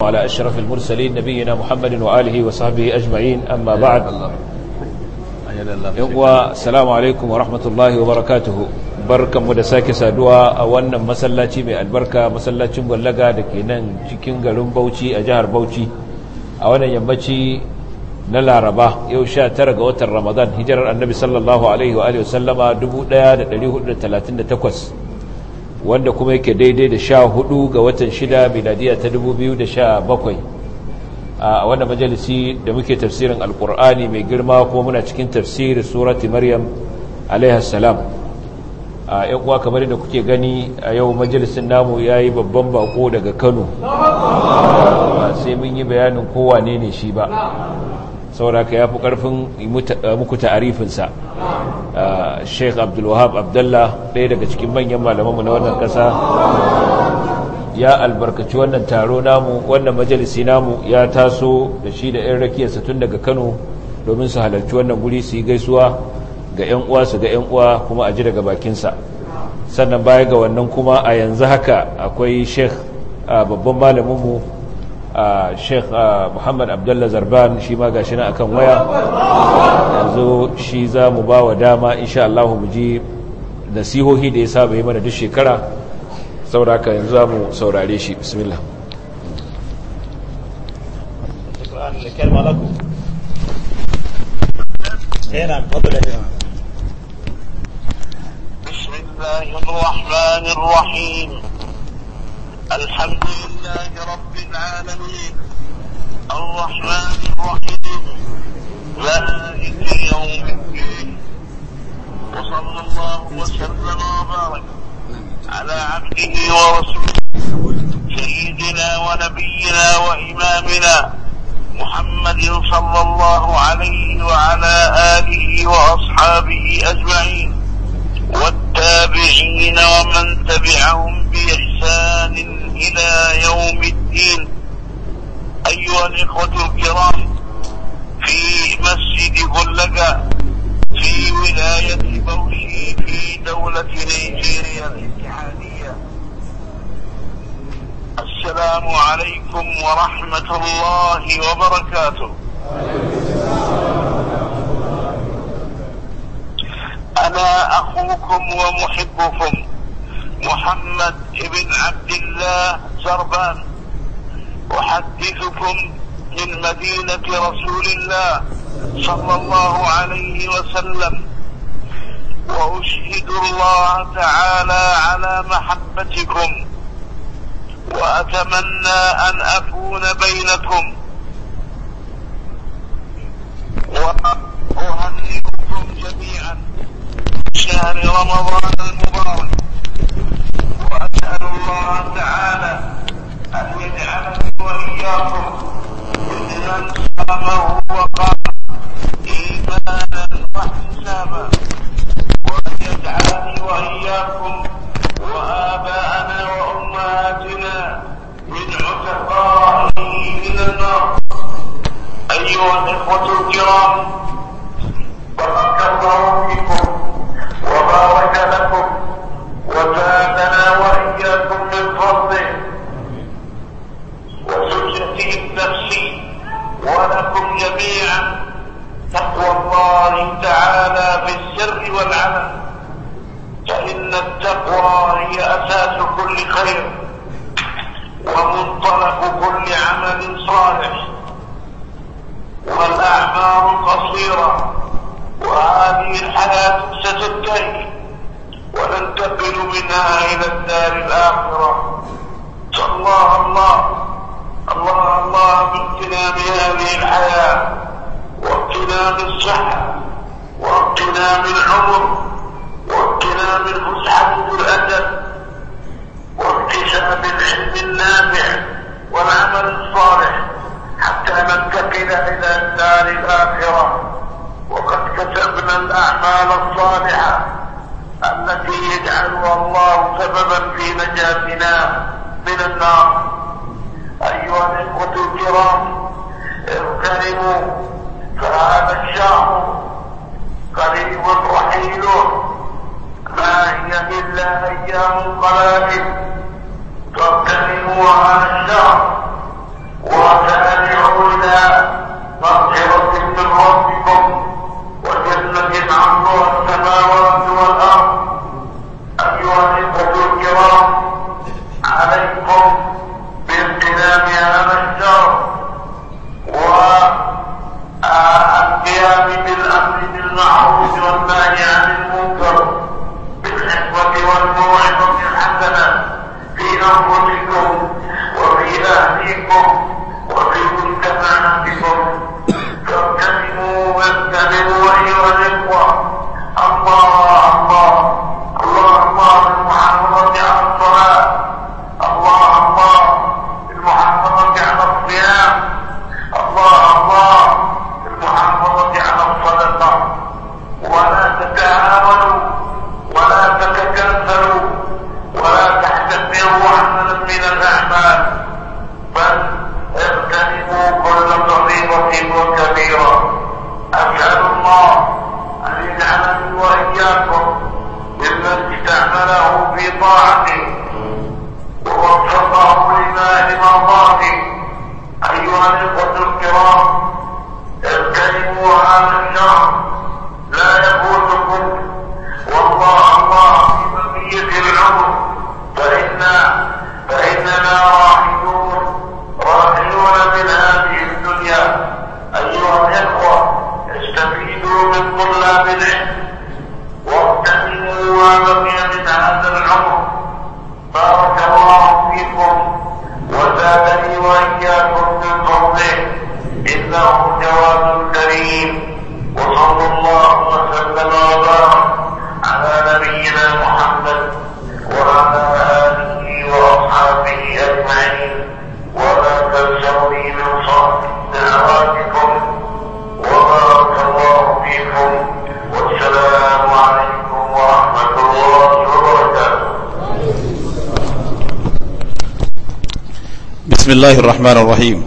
وعلى أشرف المرسلين نبينا محمد وآله وصحبه أجمعين أما بعد السلام عليكم ورحمة الله وبركاته barkan mu da sake saduwa a wannan masallaci mai albarka masallacin gwallaga da ke nan cikin garin bauchi a jihar bauchi a wannan yammaci na laraba yau sha tara ga watan ramadan hijirar annabi sallallahu alaihi wa wanda kuma yake daidai da sha hudu ga watan shida miladiya ta dubu biyu da sha bakwai a wanda majalisi da muke tafsirin alkur'ani mai girma kuma muna cikin tafsirin surati maryam alaihassalam a yankuwa kamar da kuke gani a yau majalisin namu ya yi babban bako daga kano sai mun yi bayanin kowane ne shi ba saboda ka fi karfin eh, muku ta'arifinsa ah, sheikh abdulwahab abdullah ɗaya daga cikin manyan mu na wannan ƙasa ya albarkaci wannan taro namu wannan majalisi namu ya taso da shi da 'yan rakiyarsa tun daga kano domin su halarci wannan guri su yi gaisuwa ga 'yan uwa su ga 'yan uwa kuma a ji daga bakinsa sannan baya ga wannan kuma a yanzu haka akwai sheik ah, babban malaminmu Ah, sheikh ah, muhammad abdullah zarban shi ma gashi na akan waya yanzu shi za mu ba wa dama insha Allah mu ji nasihohi da ya saba yi mana duk shekara sauraka yanzu za mu saurare shi bismillah بسم الله الرحمن الرحيم الحمد لله رب العالمين الرحمن الرحيم مالك يوم الدين وصلى الله وسلم وبارك على عبده ورسوله سيدنا ونبينا وإمامنا محمد صلى الله عليه وعلى آله وأصحابه أجمعين والتابعين ومن تبعهم بإحسان إلى يوم الدين أيها الإخوة الكرام في مسجد غلقة في ولاية بوشي في دولة نيجيريا الاتحادية السلام عليكم ورحمة الله وبركاته أنا أخوكم ومحبكم محمد ابن عبد الله زربان أحدثكم من مدينة رسول الله صلى الله عليه وسلم وأشهد الله تعالى على محبتكم وأتمنى أن أكون بينكم وأهنئكم جميعا شهر رمضان المبارك وأسأل الله تعالى أن يجعلني وإياكم ممن سبقه وقال إيمانا وحسنا منكم وزادني وإياكم من فضله إنه bismillahir rahmanir rahim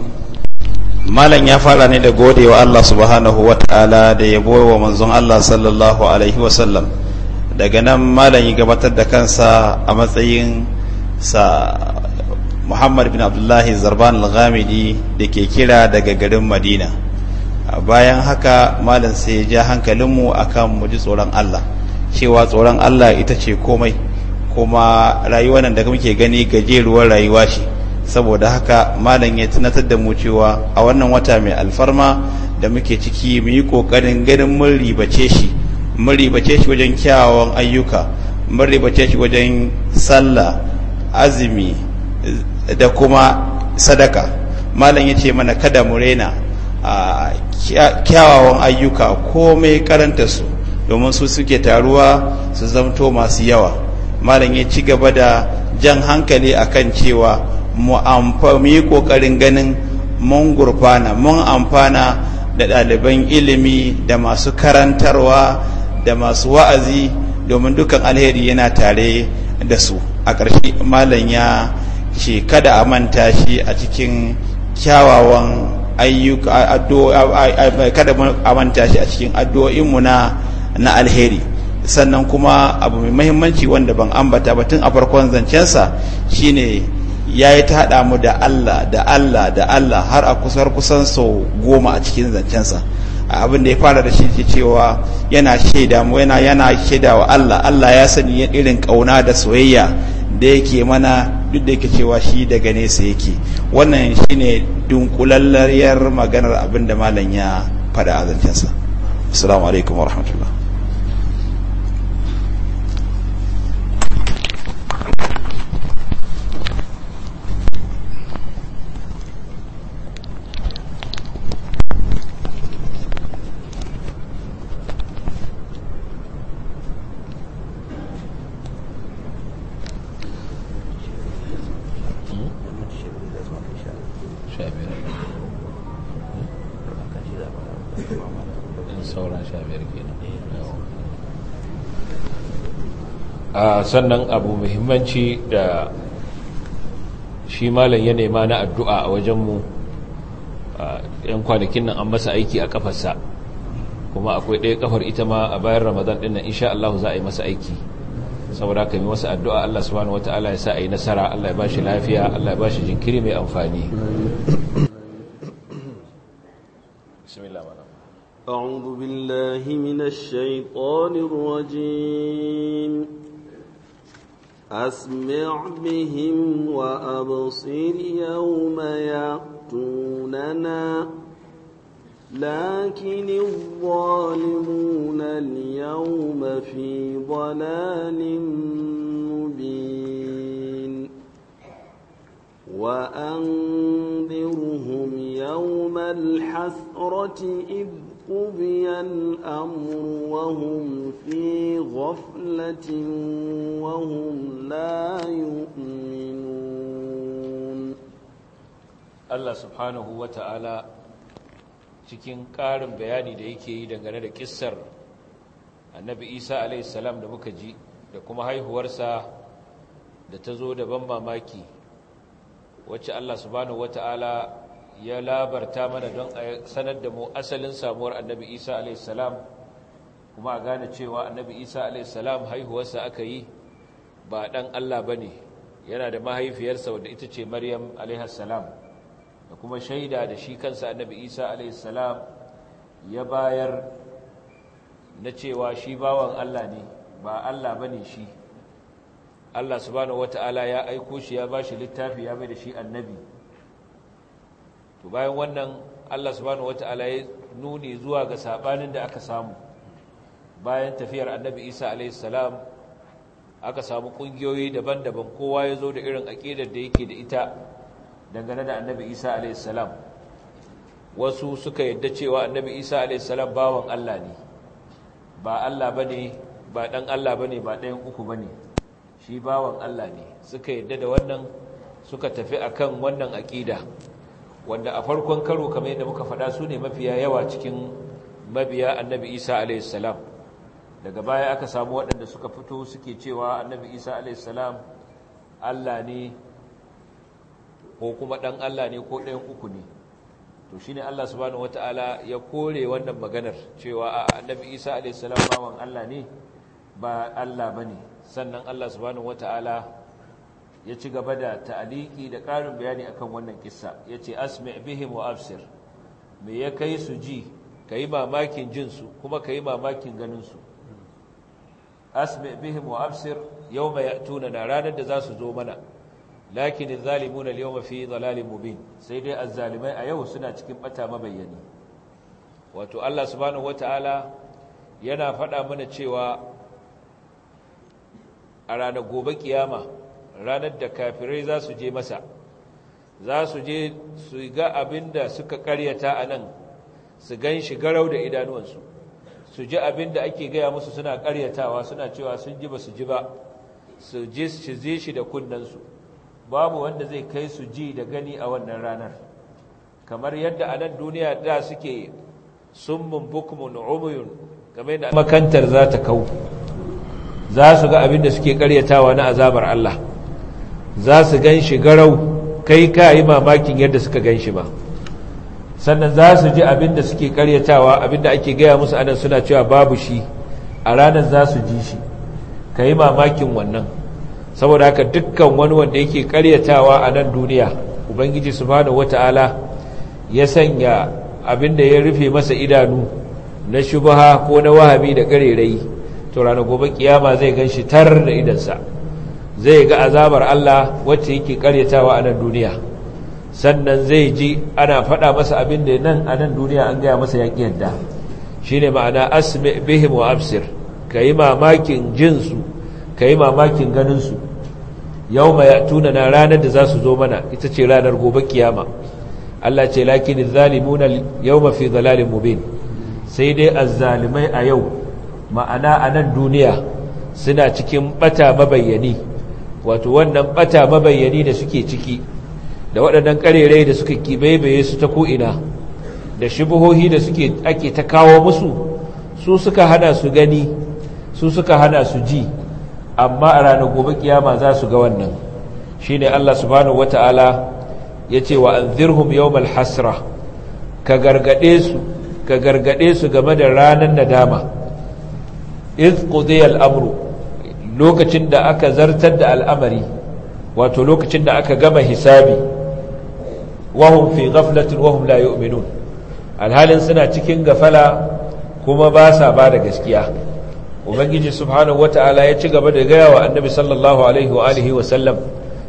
malam ya fara ne da gode wa Allah subhanahu wa ta'ala da yabo wa manzon Allah sallallahu alaihi wa sallam daga nan malam ya gabatar da kansa a matsayin sa Muhammad bin Abdullahi Zarban al-Ghamidi da ke kira daga garin Madina bayan haka malam sai ya ja hankalinmu akan mu ji tsoron Allah cewa tsoron Allah ita ce komai kuma rayuwar nan da muke gani gajeruwar rayuwa ce saboda haka malam ya tunatar da mu cewa a wannan wata mai alfarma da muke ciki mu yi kokarin ganin mun ribace shi mun ribace shi wajen kyawawan ayyuka mun ribace shi wajen sallah azumi da kuma sadaka malam ya ce mana kada mu rena kyawawan ayyuka komai karanta su domin su suke taruwa su zamto masu yawa malam ya ci gaba da jan hankali akan cewa mu amfani kokarin ganin mun gurfana mun amfana da ɗaliban ilimi da masu karantarwa da masu wa'azi domin dukan alheri yana tare da su a ƙarshe malam ya ce kada a manta shi a cikin kyawawan ayyuka kada a manta shi a cikin addu'o'inmu na na alheri sannan kuma abu mai mahimmanci wanda ban ambata batun a farkon zancensa shine ya yi ta haɗa mu da Allah da Allah da Allah har a kusar kusan sau goma a cikin zancensa abin da ya fara da shi ke cewa yana shaida mu yana yana shaida wa Allah Allah ya sani irin ƙauna da soyayya da yake mana duk da yake cewa shi daga nesa yake wannan shine dunkulalliyar maganar abin da malam ya faɗa a zancensa assalamu alaikum wa rahmatullah sannan abu muhimmanci da shi malam ya nema na addu'a a wajenmu ‘yan kwanakin nan an masa aiki a kafarsa kuma akwai ɗaya kafar ita ma a bayan ramadan ɗin nan insha Allah za a yi masa aiki saboda ka yi masa addu'a Allah subhanahu wata'ala ya sa a yi nasara Allah ya ba shi lafiya Allah ya ba shi jinkiri mai amfani أعوذ بالله من الشيطان الرجيم أسمع بهم وأبصر يوم يأتوننا لكن الظالمون اليوم في ضلال مبين وأنذرهم يوم الحسرة إذ قضي الأمر وهم في غفلة وهم لا يؤمنون الله سبحانه وتعالى cikin ƙarin bayani da yake yi dangane da ƙissar annabi isa alaihissalam da muka ji da kuma haihuwarsa da ta zo da ban mamaki wacce allah subhanahu wata'ala ya labarta mana don a sanar da mu asalin samuwar annabi isa alaihissalam kuma a gane cewa annabi isa alaihissalam haihuwarsa aka yi ba ɗan allah ba ne yana da mahaifiyarsa wadda ita ce maryam alaihissalam da kuma shaida da shi kansa annabi isa alaihissalam ya bayar na cewa shi bawan allah ne ba allah ba ne shi allah subhanahu ta'ala ya aiko shi ya ba shi littafi ya mai da shi annabi to bayan wannan Allah subhanahu wata'ala ya nuni zuwa ga sabanin da aka samu bayan tafiyar annabi Isa alaihi salam aka samu kungiyoyi daban-daban kowa ya zo da irin aƙidar da yake da ita dangane da annabi Isa alaihi salam wasu suka yadda cewa annabi Isa alaihi salam bawan Allah ne ba Allah bane ba dan Allah bane ba ɗayan uku bane shi bawan Allah ne suka yadda da wannan suka tafi akan wannan aƙida wanda a farkon karo kamar yadda muka faɗa su ne mafiya yawa cikin mabiya annabi isa alaihissalam daga baya aka samu waɗanda suka fito suke cewa annabi isa alaihissalam allah ne ko kuma ɗan allah ne ko ɗayan uku ne to shi ne allah subhanahu wata'ala ya kore wannan maganar cewa a annabi isa alaihissalam bawan allah ne ba allah ba ne sannan allah subhanahu wata'ala ya ci gaba da ta'aliki da ƙarin bayani akan wannan kissa ya ce asmi' bihim wa absir me ya kai su ji ka yi mamakin jinsu kuma ka yi mamakin ganinsu asmi' bihim wa absir yau mai ya'tuna na ranar da za su zo mana lakin zalimuna al-yawma fi dhalalin mubin sai dai azzalimai a yau suna cikin bata mabayyani wato Allah subhanahu wataala yana faɗa mana cewa a ranar gobe kiyama ranar da kafirai za su je masa za su je su ga abin da suka karyata a nan su gan shi garau da idanuwansu su ji abin da ake gaya musu suna karyatawa suna cewa sun ji ba su ji ba su ji shi zai shi da kunnansu babu wanda zai kai su ji da gani a wannan ranar kamar yadda a nan duniya da suke summun bukmun umuyun game da makantar za ta kau za su ga abin da suke karyatawa na azabar Allah za su gan shi garau kai ka yi mamakin yadda suka gan shi ba sannan za su ji abin da suke karyatawa abin da ake gaya musu anan suna cewa babu shi a ranar za su ji shi ka yi mamakin wannan saboda haka dukkan wani wanda yake karyatawa a nan duniya ubangiji subhanahu wata'ala ya sanya abin da ya rufe masa idanu na shubaha ko na wahabi da karerai to ranar gobe kiyama zai gan shi tar da idansa zai ga azabar Allah wacce yake karyatawa a nan duniya sannan zai ji ana faɗa masa abin da nan a nan duniya an gaya masa yaƙi yadda shi ne ma'ana asmi bihim wa absir ka yi mamakin jinsu ka yi mamakin ganinsu yau ma ya tuna na ranar da za su zo mana ita ce ranar gobe kiyama Allah ce lakin zalimuna yau mafi zalalin mubin sai dai azzalimai a yau ma'ana a nan duniya suna cikin ɓata mabayyani wato wannan bata mabayyani da suke ciki da waɗannan ƙarerai da suka kibaibaye su ta ko'ina da shibuhohi da suke ake ta kawo musu su suka hana su gani su suka hana su ji amma a ranar gobe kiyama za su ga wannan shi ne Allah subhanahu wata'ala ya ce wa an zirhum yawmal hasra ka gargaɗe su ka gargaɗe su game da ranar nadama iz qudiyal amru lokacin da aka zartar da al'amari wato lokacin da aka gama hisabi wahum fi ghaflatin wahum la yu'minun alhalin suna cikin gafala kuma ba sa ba da gaskiya ubangiji subhanahu wata'ala ya ci gaba da gaya wa annabi sallallahu alaihi wa alihi wa sallam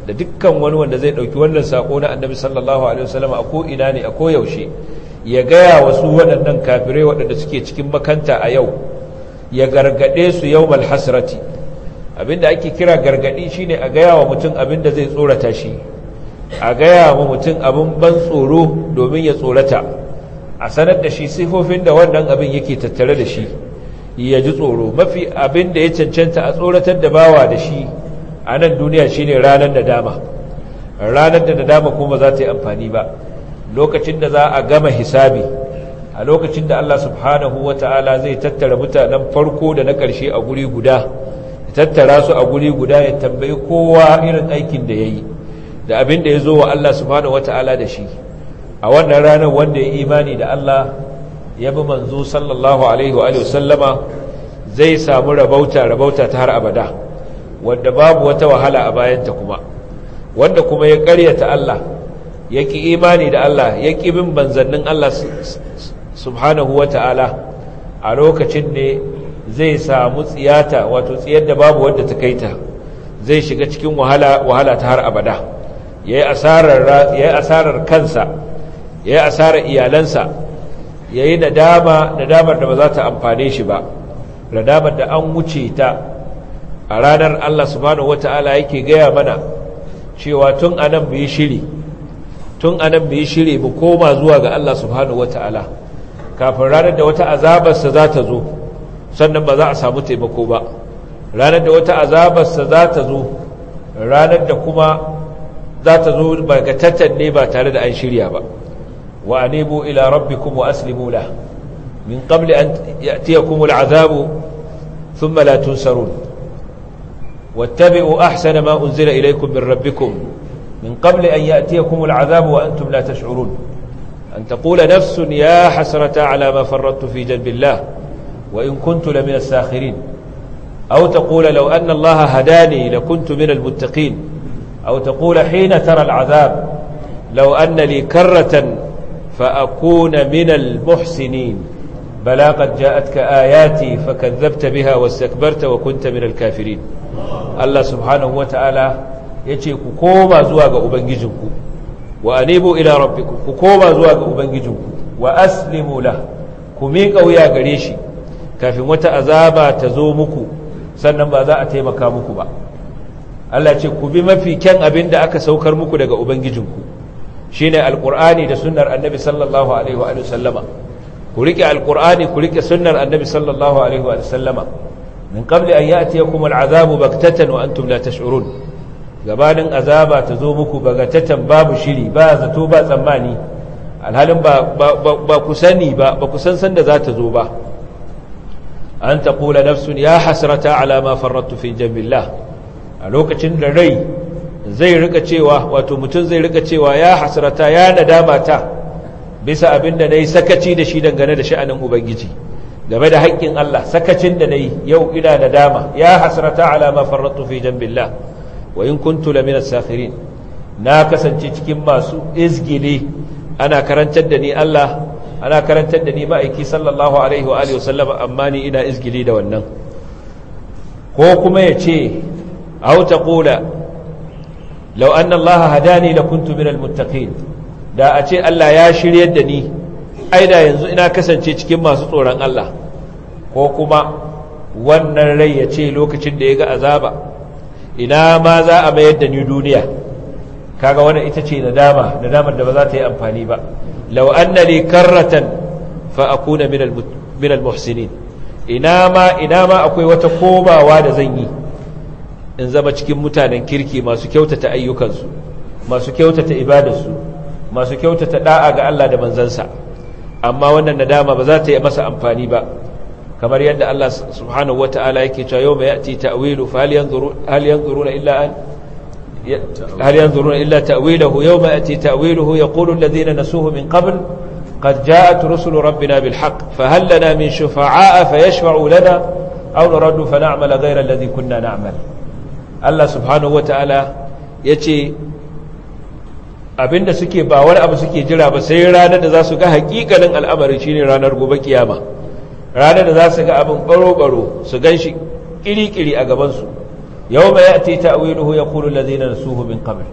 da dukkan wani wanda zai dauki wannan sako na annabi sallallahu alaihi wa sallam a ko ina ne a ko yaushe ya gaya wa su waɗannan kafirai waɗanda suke cikin makanta a yau ya gargade su yawmal hasrati Abin da ake kira gargadi shine a gaya wa mutum abinda zai tsorata shi a gaya wa mutum abin ban tsoro domin ya tsorata a sanar da shi sifofin da wannan abin yake tattare da shi ya ji tsoro mafi abin da ya cancanta a tsoratar da bawa da shi a nan duniya shine ranar da dama ranar da dama kuma za ta yi amfani ba lokacin da za a gama hisabi a lokacin da Allah subhanahu wa ta'ala zai tattara mutanen farko da na ƙarshe a guri guda tattara su a guri guda ya tambayi kowa irin aikin da ya yi da abin da ya zo wa Allah subhanahu wata'ala da shi a wannan ranar wanda ya imani da Allah ya bi manzo sallallahu alaihi wa sallama zai samu rabauta rabauta ta har abada wanda babu wata wahala a bayanta kuma wanda kuma ya karyata Allah ya ki imani da Allah ya ki bin banzannin Allah subhanahu wata'ala a lokacin ne zai samu tsiyata wato tsiyar da babu wadda ta kai ta zai shiga cikin wahala wahala ta har abada yayi asarar asarar kansa yayi asarar iyalansa yayi nadama nadamar da ba za ta amfane shi ba nadamar da an wuce ta a ranar Allah subhanahu wataala yake gaya mana cewa tun anan mu shiri tun anan mu shiri bu koma zuwa ga Allah subhanahu wataala kafin ranar da wata azabarsa za ta zo sannan ba za a samu taimako ba ranar da wata azabarsa za ta zo ranar da kuma za ta zo bagatattan ne ba tare da an shirya ba wa anibu ila rabbikum wa aslimu la min qabli an ya'tiyakum al'azabu thumma la tunsarun wattabi'u ahsana ma unzila ilaykum min rabbikum من قبل أن يأتيكم العذاب وأنتم لا تشعرون أن تقول نفس nafsun ya على ما فرطت في جنب الله وإن كنت لمن الساخرين أو تقول لو أن الله هداني لكنت من المتقين أو تقول حين ترى العذاب لو أن لي كرة فأكون من المحسنين بلى قد جاءتك آياتي فكذبت بها واستكبرت وكنت من الكافرين الله سبحانه وتعالى yace ku koma zuwa ga ubangijinku wa anibu ila rabbikum ku koma zuwa ga ubangijinku wa aslimu la ku miƙa wuya gare shi kafin wata azaba ta zo muku sannan ba za a taimaka muku ba Allah ce ku bi mafi kyan abin da aka saukar muku daga ubangijinku shine alƙur'ani da sunar annabi sallallahu alaihi wa sallama ku rike alqur'ani ku riƙe sunar annabi sallallahu alaihi wa sallama min qabli an kuma al'azabu baghtatan wa antum la tash'urun gabanin azaba ta zo muku baghtatan babu shiri ba zato ba tsammani alhalin ba ba ku sani ba ba ku san san da za ta zo ba an taɓola nafsun ya hasrata ala ma farattu fi a lokacin da rai zai rika cewa wato mutum zai rika cewa ya hasrata ya nadama ta bisa abinda nayi sakaci da shi dangane da sha'anin ubangiji game da haƙƙin Allah sakacin da nayi yau ina nadama ya hasrata ala ma farattu fi jambillah wa in kuntu lamina sakhirin na kasance cikin masu izgile ana karantar da ni Allah ana karantar da ni ma'aiki sallallahu alaihi wa alihi amma ni ina izgili da wannan ko kuma ya ce aw taqula law anna Allah hadani min al muttaqin da a ce Allah ya shiryar da ni ai da yanzu ina kasance cikin masu tsoron Allah ko kuma wannan rai ya ce lokacin da ya ga azaba ina ma za a mayar da ni duniya kaga wannan ita ce nadama nadamar da ba za ta yi amfani ba law anna li karratan fa akuna min al ina ma akwai wata komawa da zan yi in zama cikin mutanen kirki masu kyautata ayyukansu masu kyautata ibadarsu masu kyautata da'a ga Allah da manzansa amma wannan nadama ba za ta yi masa amfani ba kamar yadda Allah subhanahu wata'ala yake cewa yau mai ya'ti ta'wilu fa hal yanzuru hal yanzuruna illa an هل ينظرون إلا تأويله يوم يأتي تأويله يقول الذين نسوه من قبل قد جاءت رسل ربنا بالحق فهل لنا من شفعاء فيشفعوا لنا أو نرد فنعمل غير الذي كنا نعمل الله سبحانه وتعالى يتي abinda suke ba wani abu suke jira ba sai ranar da za su ga hakikanin al'amari shine ranar gobe kiyama ranar da za su ga abin baro-baro su gan shi kiri-kiri a gabansu yawma ya'ti ta'wiluhu yaqulu allazina nasuhu min kamar?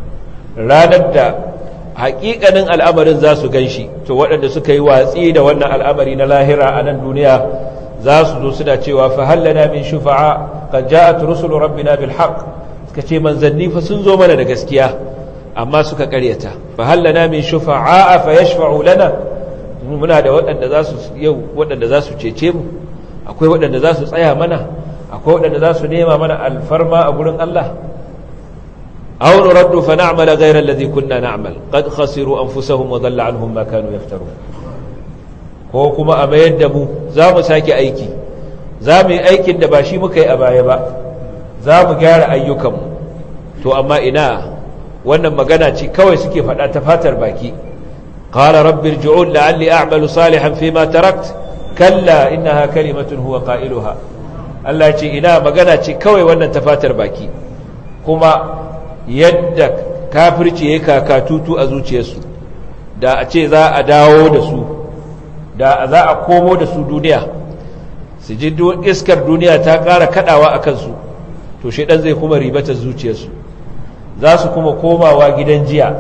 ranar da haƙiƙanin al'amarin za su ganshi to waɗanda suka yi watsi da wannan al'amari na lahira a nan duniya za su zo suna cewa fa hallana min shufa'a ja a rusulu rabbina bil haqq suka ce manzanni fa sun zo mana da gaskiya amma suka ƙaryata fa hallana min shufa'a fa yashfa'u lana muna da waɗanda za su yau waɗanda za su cece mu akwai waɗanda za su tsaya mana akwai waɗanda za su nema mana alfarma a gurin Allah aw nuraddu fa a ghayra alladhi kunna Na'amal, kan khasiru anfusahum wa dhalla anhum ma kanu yaftarun ko kuma a mayar da mu za mu sake aiki za mu yi aikin da ba shi muka yi a baya ba za mu gyara ayyukanmu to amma ina wannan magana ce kawai suke faɗa ta fatar baki qala rabbi irji'un la'alli a'malu salihan fima tarakt kalla innaha kalimatun huwa qailuha Allah ce ina magana ce kawai wannan ta fatar baki kuma yadda kafirci ya kaka tutu a zuciyarsu da a ce za a dawo da su da za a komo da su duniya su ji iskar duniya ta ƙara kaɗawa a kansu to ɗan zai kuma ribatar zuciyarsu za su kuma komawa gidan jiya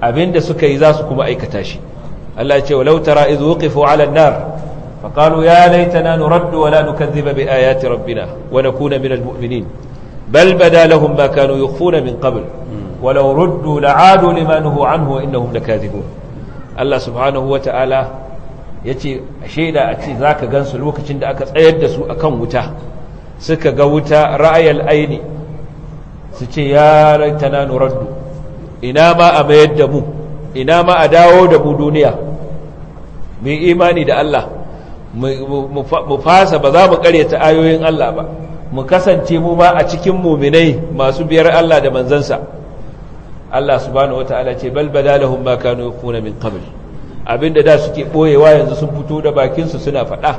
abinda suka yi za su kuma aikata shi Allah ce walau tara izu wuqifu ala nar فقالوا يا ليتنا نرد ولا نكذب بآيات ربنا ونكون من المؤمنين بل بدا لهم ما كانوا يخفون من قبل ولو ردوا لعادوا لما نهوا عنه وإنهم لكاذبون الله سبحانه وتعالى yace shaida a ce zaka gansu lokacin da aka tsayar da su akan wuta suka ga wuta ra'ayar aini su ce ya laitana nuraddu ina ma a mayar da mu ina ma a dawo da mu duniya mai imani da Allah mu fasa ba za mu ta ayoyin Allah ba mu kasance mu ba a cikin muminai masu biyar Allah da manzansa Allah subhanahu wataala ce bal badalahum ma kanu yufuna min qabl abinda da suke boyewa yanzu sun fito da bakin su suna faɗa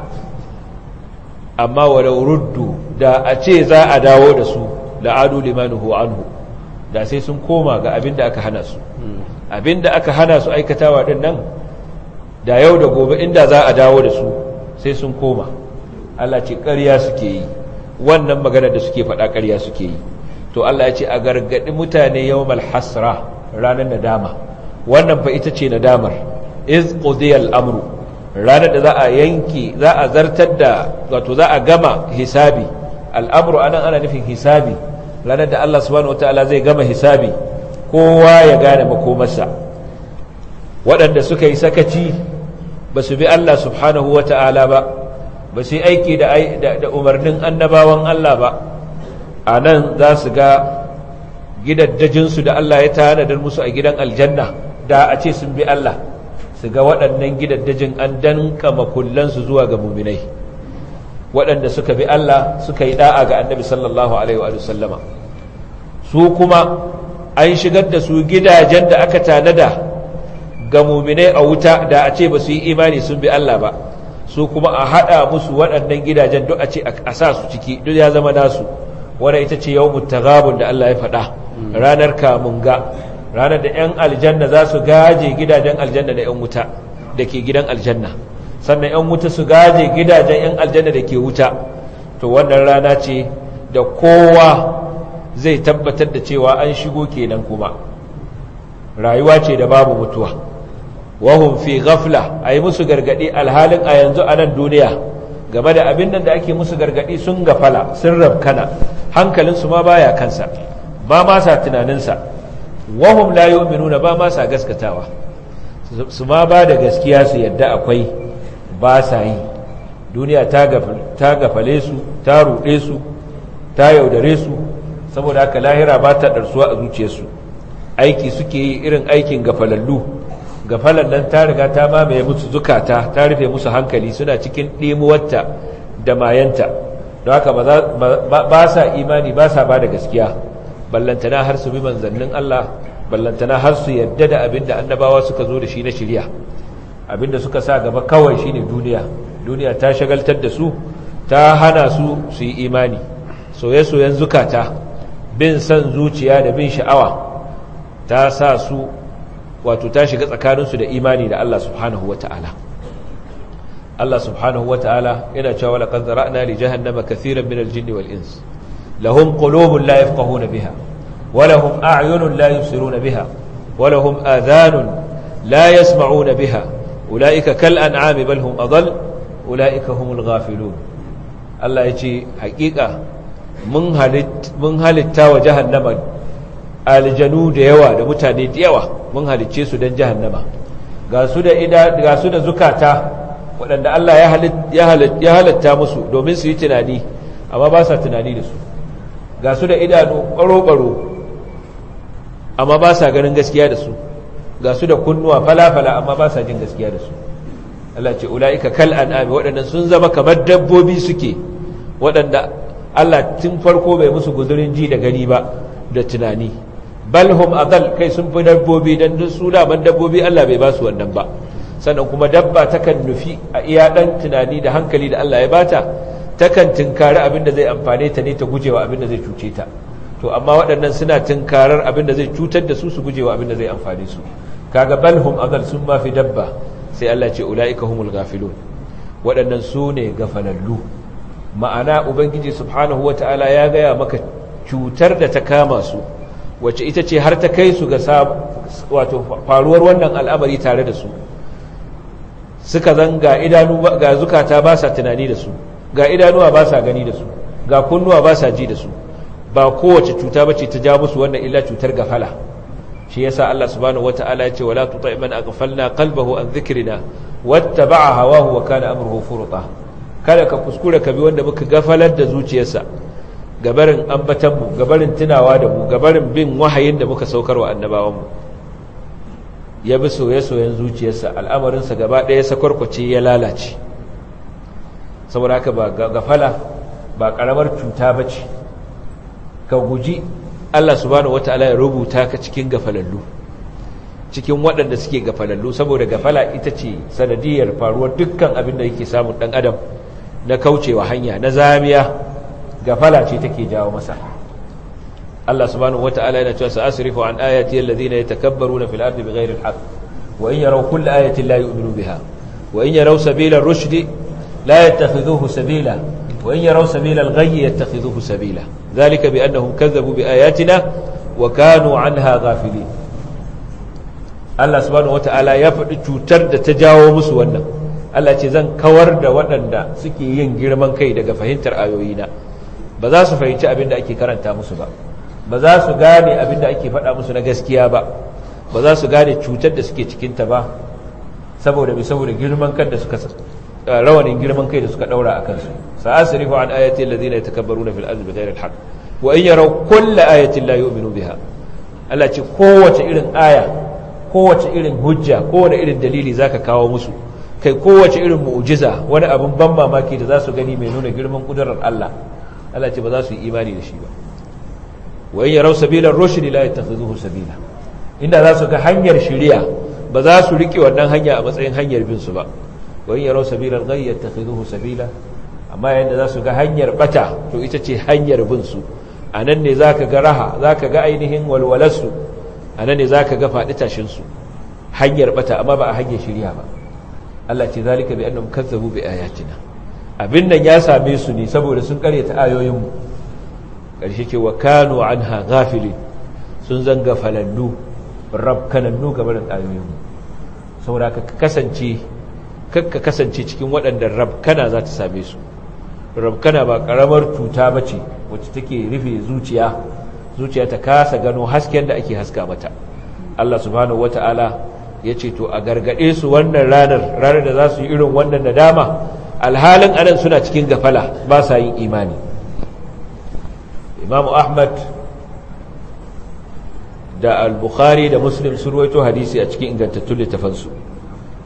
amma walau ruddu da a ce za a dawo da su la'adu limanhu anhu da sai sun koma ga abinda aka hana su abinda aka hana su aikatawa din nan da yau da gobe inda za a dawo da su sai sun koma Allah ce ƙarya suke yi wannan magana da suke faɗa ƙarya suke yi to Allah ya ce a gargaɗi mutane yawmal hasra ranar nadama wannan fa ita ce nadamar iz qudiya ranar da za a yanki za a zartar da wato za a gama hisabi al'amru anan ana nufin hisabi ranar da Allah subhanahu ta'ala zai gama hisabi kowa ya gane makomarsa waɗanda suka yi sakaci ba su bi Allah subhanahu wa ta'ala ba ba su yi aiki da umarnin annabawan Allah ba a nan za su ga gidaddajinsu da Allah ya tanadar musu a gidan aljanna da a ce sun bi Allah su ga waɗannan gidaddajin an danka makullansu zuwa ga muminai waɗanda suka bi Allah suka yi ɗa'a ga annabi sallallahu alaihi su kuma an shigar da su gidajen da aka tanada ga muminai a wuta da a ce ba su yi imani sun bi Allah ba su kuma a haɗa musu waɗannan gidajen duk a ce a sa su ciki duk ya zama nasu wadda ita ce yau mutagabun da Allah ya faɗa ranar kamun ga ranar da 'yan aljanna za su gaje gidajen aljanna da 'yan wuta da ke gidan aljanna sannan 'yan wuta su gaje gidajen 'yan aljanna da ke wuta to wannan rana ce da kowa zai tabbatar da cewa an shigo kenan kuma rayuwa ce da babu mutuwa wahumfe fi ghafla ayi musu gargadi alhalin a yanzu a nan duniya game da abin nan da ake musu gargadi sun gafala sun rabkana hankalinsu ma baya kansa ba ma sa tunaninsa wahum la nuna ba ma sa gaskatawa su ma ba da gaskiya su yadda akwai ba sa yi duniya ta gafale su ta ruɗe su ta yaudare su saboda haka lahira ba ta ɗarsuwa a zuciyarsu aiki suke yi irin aikin gafalallu gafalar nan ta riga ta mamaye musu zukata ta rufe musu hankali suna cikin ɗimuwarta da mayanta don haka ba sa imani ba sa ba da gaskiya ballantana har su bi manzannin Allah ballantana har su yadda da abin da annabawa suka zo da shi na shirya abin da suka sa gaba kawai shi ne duniya duniya ta shagaltar da su ta hana su su yi imani soye-soyen zukata bin son zuciya da bin sha'awa ta sa su wato ta shiga tsakaninsu da imani da Allah subhanahu wa ta'ala Allah subhanahu wa ta'ala yana cewa laqad zara'na li jahannama kathiran min al-jinn wal ins lahum qulubun la yafqahuna biha wa lahum a'yunun la yubsiruna biha wa lahum adhanun la yasma'una biha ulaika kal an'ami bal hum adall ulaika humul ghafilun Allah yace hakika mun halitta wa jahannama aljanu da yawa da mutane da yawa mun halicce su don jahannama ga su da zukata waɗanda Allah ya halatta musu domin su yi tunani amma ba sa tunani da su ga su da idanu ɓaro-ɓaro amma ba sa ganin gaskiya da su ga su da kunnuwa fala-fala amma ba sa jin gaskiya da su Allah ce ula'ika kal an an'ami waɗanda sun zama kamar dabbobi suke waɗanda Allah tun farko bai musu guzurin ji da gani ba da tunani bal hum adal kai sun fi dabbobi dan duk su dabbobi Allah bai ba su wannan ba sannan kuma dabba takan nufi a iya dan tunani da hankali da Allah ya bata takan tinkara abin da zai amfane ta ne ta gujewa abin da zai cuce ta to amma waɗannan suna tinkarar abin da zai cutar da su su gujewa abin da zai amfane su kaga bal hum adal sun ma fi dabba sai Allah ce ulaika humul ghafilun waɗannan su ne gafalallu ma'ana ubangiji subhanahu wataala ya gaya maka cutar da ta kama su wacce ita ce har ta kai su ga wato faruwar wannan al'amari tare da su suka zan ga idanu ga zukata ba sa tunani da su ga idanuwa ba sa gani da su ga kunnuwa ba sa ji da su ba kowace cuta ce ta ja musu wannan illa cutar gafala shi sa Allah subhanahu wataala ya ce wala tuti man aghfalna qalbahu an dhikrina wattaba'a hawahu wa kana amruhu furta kada ka kuskura ka bi wanda muka gafalar da zuciyarsa gabarin ambatanmu gabarin tunawa da mu gabarin bin wahayin da muka saukar wa annabawanmu ya bi soye-soyen zuciyarsa al'amarinsa gaba ɗaya sakwarkwace ya lalace saboda haka ba gafala ba ƙaramar cuta ba ce ka guji allah subhanahu wata'ala ya rubuta ka cikin gafalallu cikin waɗanda suke gafalallu saboda gafala ita ce sanadiyar faruwar dukkan abin da yake samun ɗan adam na kaucewa hanya na zamiya gafala ce take jawo masa Allah subhanahu wata'ala yana cewa sa'asrifu an ayati alladhina yatakabbaruna fil ardi wa in yaraw kull ayatin la yu'minu biha wa in yaraw sabila ar-rushd la yattakhidhuhu sabila wa in yaraw sabila al-ghayy yattakhidhuhu sabila dhalika bi annahum kadhabu bi ayatina wa kanu anha ghafilin Allah subhanahu wata'ala ya faɗi cutar da ta jawo musu wannan Allah ce zan kawar da waɗanda suke yin girman kai daga fahimtar ayoyina ba za su fahimci abin da ake karanta musu ba ba za su gane abin da ake faɗa musu na gaskiya ba ba za su gane cutar da suke cikinta ba saboda bi saboda girman kan da suka rawanin girman kai da suka daura a kansu sa'asrifu an ayati alladhina yatakabbaruna fil ardi bighayri alhaq wa in yaraw kulla ayatin la yu'minu biha Allah ce kowace irin aya kowace irin hujja kowace irin dalili zaka kawo musu kai kowace irin mu'jiza wani abin ban mamaki da za su gani mai nuna girman kudurar Allah Allah ce ba za su yi imani da shi ba wa in yaraw sabilar rushd la yattakhizuhu sabila inda za su ga hanyar shari'a ba za su rike wannan hanya a matsayin hanyar bin su ba wa in yaraw sabilar ghayy yattakhizuhu sabila amma yanda za su ga hanyar bata to ita ce hanyar bin su anan ne zaka ga raha zaka ga ainihin walwalarsu anan ne zaka ga fadi su hanyar bata amma ba a hanyar shari'a ba Allah ce zalika bi annahum kazzabu bi ayatina abin nan ya same su ne saboda sun ta ayoyinmu ƙarshe ke wa kano an ha gafilin sun zanga falallu rabkanannu da ayoyinmu saboda ka kasance kakka kasance cikin waɗanda rabkana za ta same su rabkana ba ƙaramar cuta ba ce wacce take rufe zuciya zuciya ta kasa gano hasken da ake haska mata Allah subhanahu wata'ala ya ce to a gargaɗe su wannan ranar ranar da za su yi irin wannan nadama alhalin anan suna cikin gafala ba sa yin imani imamu ahmad da al-bukhari da muslim sun ruwaito hadisi a cikin ingantattun littafansu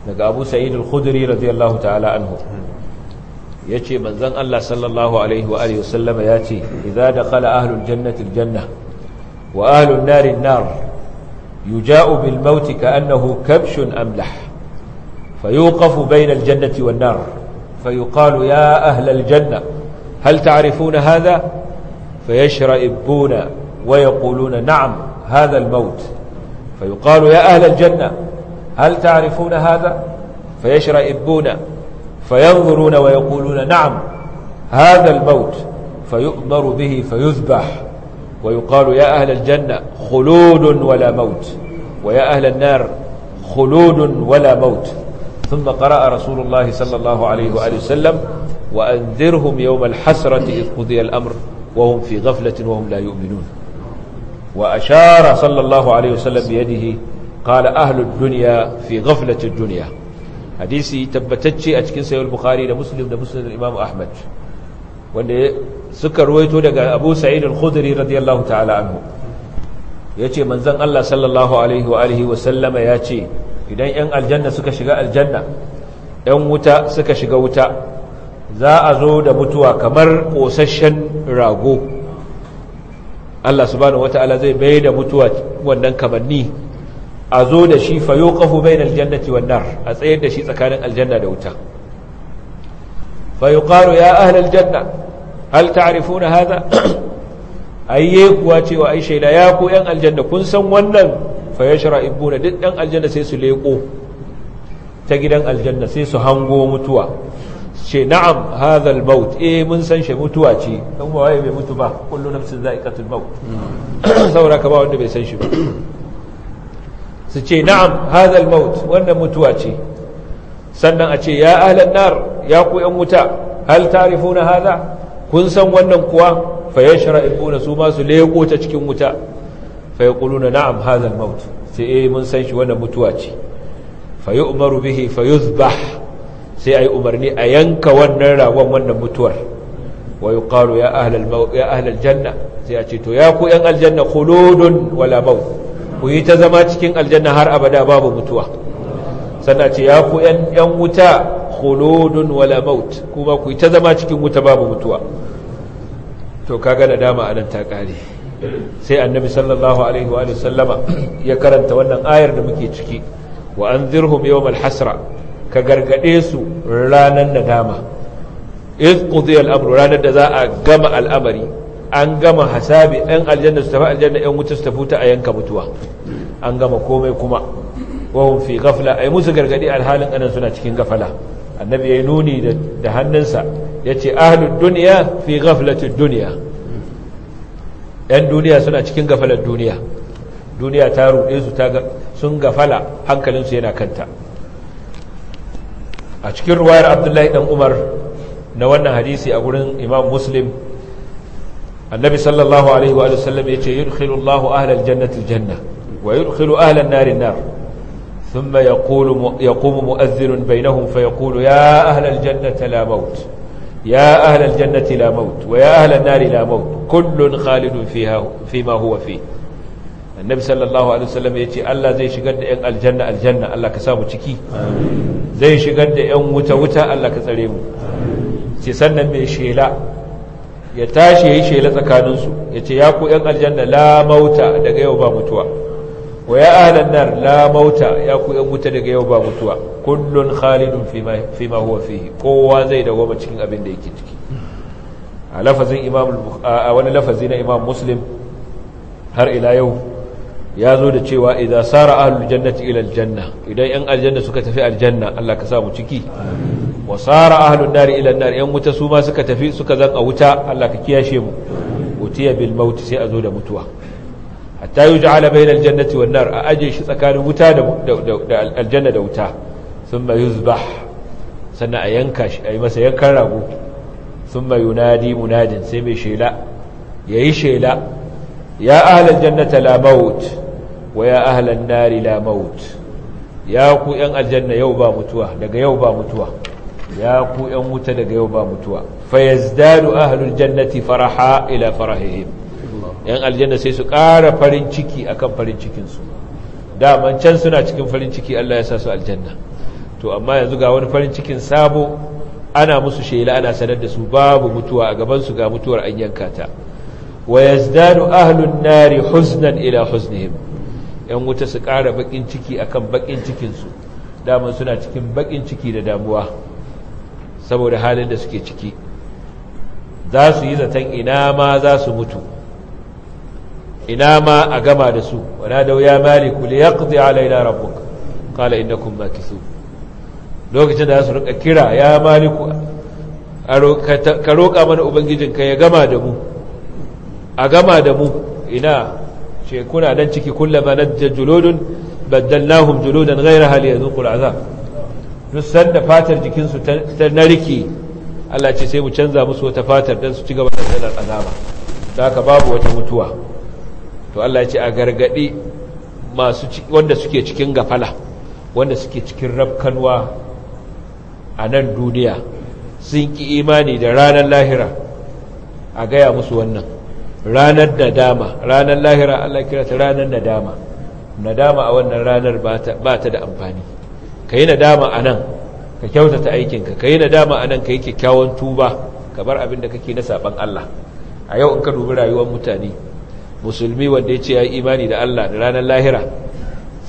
daga abu sa'id al-khudri radiyallahu ta'ala anhu yace manzon Allah sallallahu alaihi wa alihi wasallama yace idza dakhala ahlul jannati al-janna wa ahlun nari an-nar yuja'u bil mauti ka'annahu kabshun amlah fayuqafu bayna al-jannati wan-nar فيقال يا أهل الجنة هل تعرفون هذا فيشرئبون ويقولون نعم هذا الموت فيقال يا أهل الجنة هل تعرفون هذا فيشرئبون فينظرون ويقولون نعم هذا الموت فيؤمر به فيذبح ويقال يا أهل الجنة خلود ولا موت ويا أهل النار خلود ولا موت ثم قرأ رسول الله صلى الله عليه وآله وسلم وأنذرهم يوم الحسرة إذ قضي الأمر وهم في غفلة وهم لا يؤمنون وأشار صلى الله عليه وسلم بيده قال أهل الدنيا في غفلة الدنيا hadisi tabbatacce a cikin sayar bukhari da muslim da muslim imam ahmad wanda suka ruwaito daga abu sa'id al radiyallahu ta'ala anhu yace manzon Allah sallallahu alaihi wa idan 'yan aljanna suka shiga aljanna 'yan wuta suka shiga wuta za a zo da mutuwa kamar ƙosashen rago Allah subhanahu wata'ala zai bai da mutuwa wannan kamanni a zo da shi fayo ƙafu bai na aljannati wannan a tsayar da shi tsakanin aljanna da wuta fayo ƙaro ya ahalar aljanna hal ta'arifu na haza ayye kuwa cewa ai shaida ya ku 'yan aljanna kun san wannan fa yashra'ibuna duk ɗan aljanna sai su leƙo ta gidan aljanna sai su hango mutuwa ce na'am hadha al-maut eh mun san shi mutuwa ce dan waye mai mutu ba kullu nafsin za'iqatul maut saboda ka ba wanda bai san shi ba su ce na'am hadha al-maut wannan mutuwa ce sannan a ce ya ahlan nar ya ku yan wuta hal tarifuna hadha kun san wannan kuwa fa yashra'ibuna su ma su leko ta cikin wuta fa yaquluna na'am hadha al-maut sai eh mun san shi wannan mutuwa ce fa yu'maru bihi fa yuzbah sai ai umarni a yanka wannan ragon wannan mutuwar wa yuqalu ya ahlal maut ya ahlal janna sai a ce to ya ku yan aljanna khuludun wala maut ku yi ta zama cikin aljanna har abada babu mutuwa sannan ce ya ku yan yan wuta khuludun wala maut kuma ku yi ta zama cikin wuta babu mutuwa to kaga da dama anan ta kare sai annabi sallallahu alaihi wa sallama ya karanta wannan ayar da muke ciki wa anzirhum yawmal hasra ka gargade su ranar nadama iz qudiya al ranar da za a gama al'amari an gama hasabi ɗan aljanna su tafi aljanna ɗan wuta su tafi a yanka mutuwa an gama komai kuma wahum fi ghafla ay musu gargadi alhalin anan suna cikin gafala annabi ya nuni da hannunsa ce ahlud duniya fi gaflacin duniya. 'yan duniya suna cikin gafalar duniya duniya ta ruɗe su sun gafala hankalinsu yana kanta a cikin ruwayar abdullahi ɗan umar na wannan hadisi a gurin imam muslim annabi sallallahu alaihi wa sallam ya ce yudkhilullahu ahlal jannati janna, wa yudkhilu ahlan narin nar thumma yaqulu yaqumu bai bainahum fa yaqulu ya ahlal jannati la maut ya ahlal jannati la maut wa ya ahlan nari la maut kullun khalidun fi ma huwa fi annabi sallallahu alaihi wasallam yace Allah zai shigar da 'yan aljanna aljanna Allah ka samu ciki amin zai shigar da 'yan wuta wuta Allah ka tsare mu amin sai sannan mai shela ya tashi yayi shela tsakaninsu yace ya ku 'yan aljanna la mauta daga yau ba mutuwa wa ya ahlan nar la mauta ya ku yan wuta daga yau ba mutuwa kullun khalidun fi ma huwa fihi kowa zai dawoma cikin abin da yake ciki a lafazin imam a wani lafazi na imam muslim har ila yau ya zo da cewa idan sara ahlul jannati ila aljanna idan yan aljanna suka tafi aljanna Allah ka sa mu ciki wa sara ahlun nar ila nar yan wuta su ma suka tafi suka zan a wuta Allah ka kiyashe mu utiya bil maut sai a zo da mutuwa hatta yuj'ala bainal jannati aljannati wannan a aje shi tsakanin wuta da aljanna da wuta thumma yuzbah sannan a yanka shi a yi masa yankan rago thumma yunadi munadin sai mai shela ya yi shela ya ahlal jannata la maut wa ya ahlan nari la maut ya ku yan aljanna yau ba mutuwa daga yau ba mutuwa ya ku yan wuta daga yau ba mutuwa fayazdadu ahlul jannati faraha ila farahihim yan aljanna sai su ƙara farin ciki akan farin cikinsu daman can suna cikin farin ciki Allah ya sa su aljanna to amma yanzu ga wani farin cikin sabo ana musu shela ana sanar da su babu mutuwa a gaban su ga mutuwar an yanka ta wa yazdadu ahlun nari huznan ila huznihim yan wuta su kara bakin ciki akan bakin cikin su daman suna cikin bakin ciki da damuwa saboda halin da suke ciki za su yi zaton ina ma za su mutu ina ma a gama da su wana da ya maliku li yaqdi alaina rabbuk kun innakum makisu lokacin da su rika kira ya maliku ka roƙa mana ubangijin ka ya gama da mu a gama da mu ina ce kuna nan ciki kullama najja juludun baddalnahum juludan ghayraha liyazuqu al'azab duk da fatar jikinsu ta nariki Allah ce sai mu canza musu wata fatar don su ci gaba da tsanar azama da haka babu wata mutuwa to Allah ya ce a gargadi masu wanda suke cikin gafala wanda suke cikin rafkanwa a nan duniya sun ki imani da ranar lahira a gaya musu wannan ranar nadama ranar lahira Allah kira ta ranar nadama nadama a wannan ranar ba ta da amfani ka yi nadama a nan ka kyautata aikinka ka yi nadama a nan ka yi kyakkyawan tuba ka bar abin da kake na saban Allah a yau in ka dubi rayuwar mutane musulmi wanda ya ce ya yi imani da Allah da ranar lahira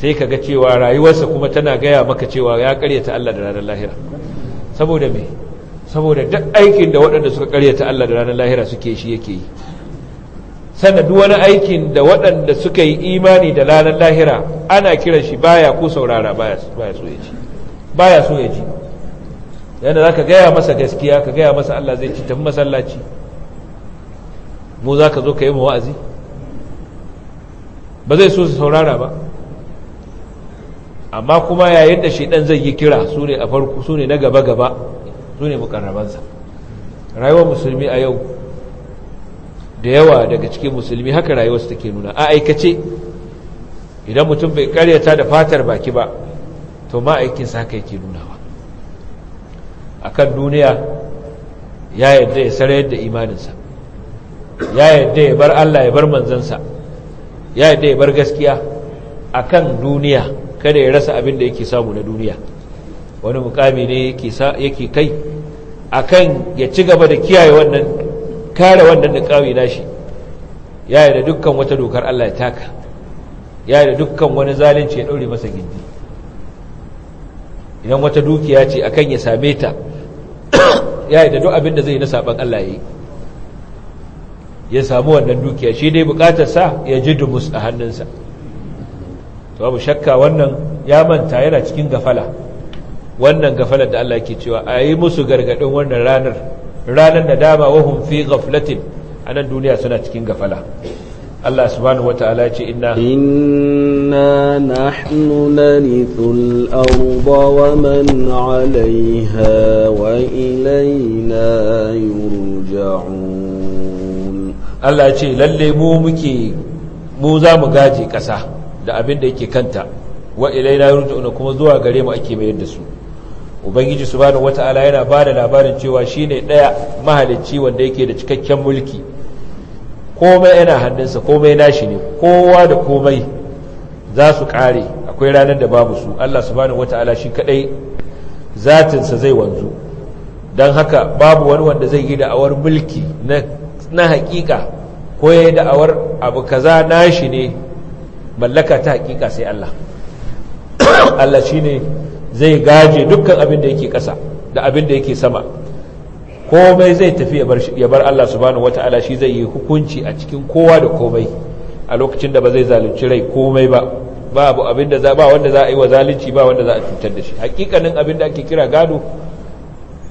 sai ka ga cewa rayuwarsa kuma tana gaya maka cewa ya karyata Allah da ranar lahira saboda me saboda duk aikin da waɗanda suka karyata Allah da ranar lahira suke shi yake yi sannan duk wani aikin da waɗanda suka yi imani da ranar lahira ana kiran shi baya ko saurara baya so ya ci baya so ya ci yana za ka gaya masa gaskiya ka gaya masa Allah zai ci tafi masallaci mu za ka zo ka yi mawa'azi ba zai so su saurara ba amma kuma yayin da shaidan zai yi kira su ne a farko su ne na gaba-gaba su ne mukarrabansa rayuwar musulmi a yau da yawa daga cikin musulmi haka su take nuna a aikace idan mutum bai karyata da fatar baki ba to ma aikinsa haka yake nunawa a kan duniya ya yadda ya sarayar da imaninsa ya yadda ya bar Allah ya bar manzansa ya yi ya bar gaskiya a kan duniya kada ya rasa abin da yake samu na duniya wani mukami ne yake kai a kan ya ci gaba da kiyaye wannan kare wannan niqabi nashi ya da dukkan wata dokar Allah ya taka ya da dukkan wani zalunci ya daure masa gindi idan wata dukiya ce a kan ya same ta ya da duk abin da zai na sabon Allah ya yi. ya samu wannan dukiya shi dai bukatarsa ya ji dumus a hannunsa babu shakka wannan ya manta yana cikin gafala wannan gafalar da Allah ke cewa a yi musu gargaɗin wannan ranar ranar da dama wahum fi ghaflatin a nan duniya suna cikin gafala Allah subhanahu wata'ala ce inna inna nahnu narithul arda wa man 'alayha wa ilayna yurja'un Allah ce lalle mu muke mu za mu gaje ƙasa da abin da yake kanta wa ilaina yurja'una kuma zuwa gare mu ake mayar da su ubangiji subhanahu wata'ala yana ba da labarin cewa shine daya mahalicci wanda yake da cikakken mulki komai yana hannunsa komai nashi ne kowa da komai za su kare akwai ranar da babu su Allah subhanahu wata'ala shi kadai zatinsa zai wanzu don haka babu wani wanda zai yi da awar mulki na na hakika ko ya da'awar abu kaza shi ne mallaka ta hakika sai Allah Allah shi ne zai gaje dukkan abin da yake ƙasa da abin da yake sama komai zai tafi ya bar Allah subhanahu ta'ala shi zai yi hukunci a cikin kowa da komai a lokacin da ba zai zalunci rai komai ba Ba abu abin da za ba wanda za a yi wa zalunci ba wanda za a cutar da shi hakikanin abin da ake kira gado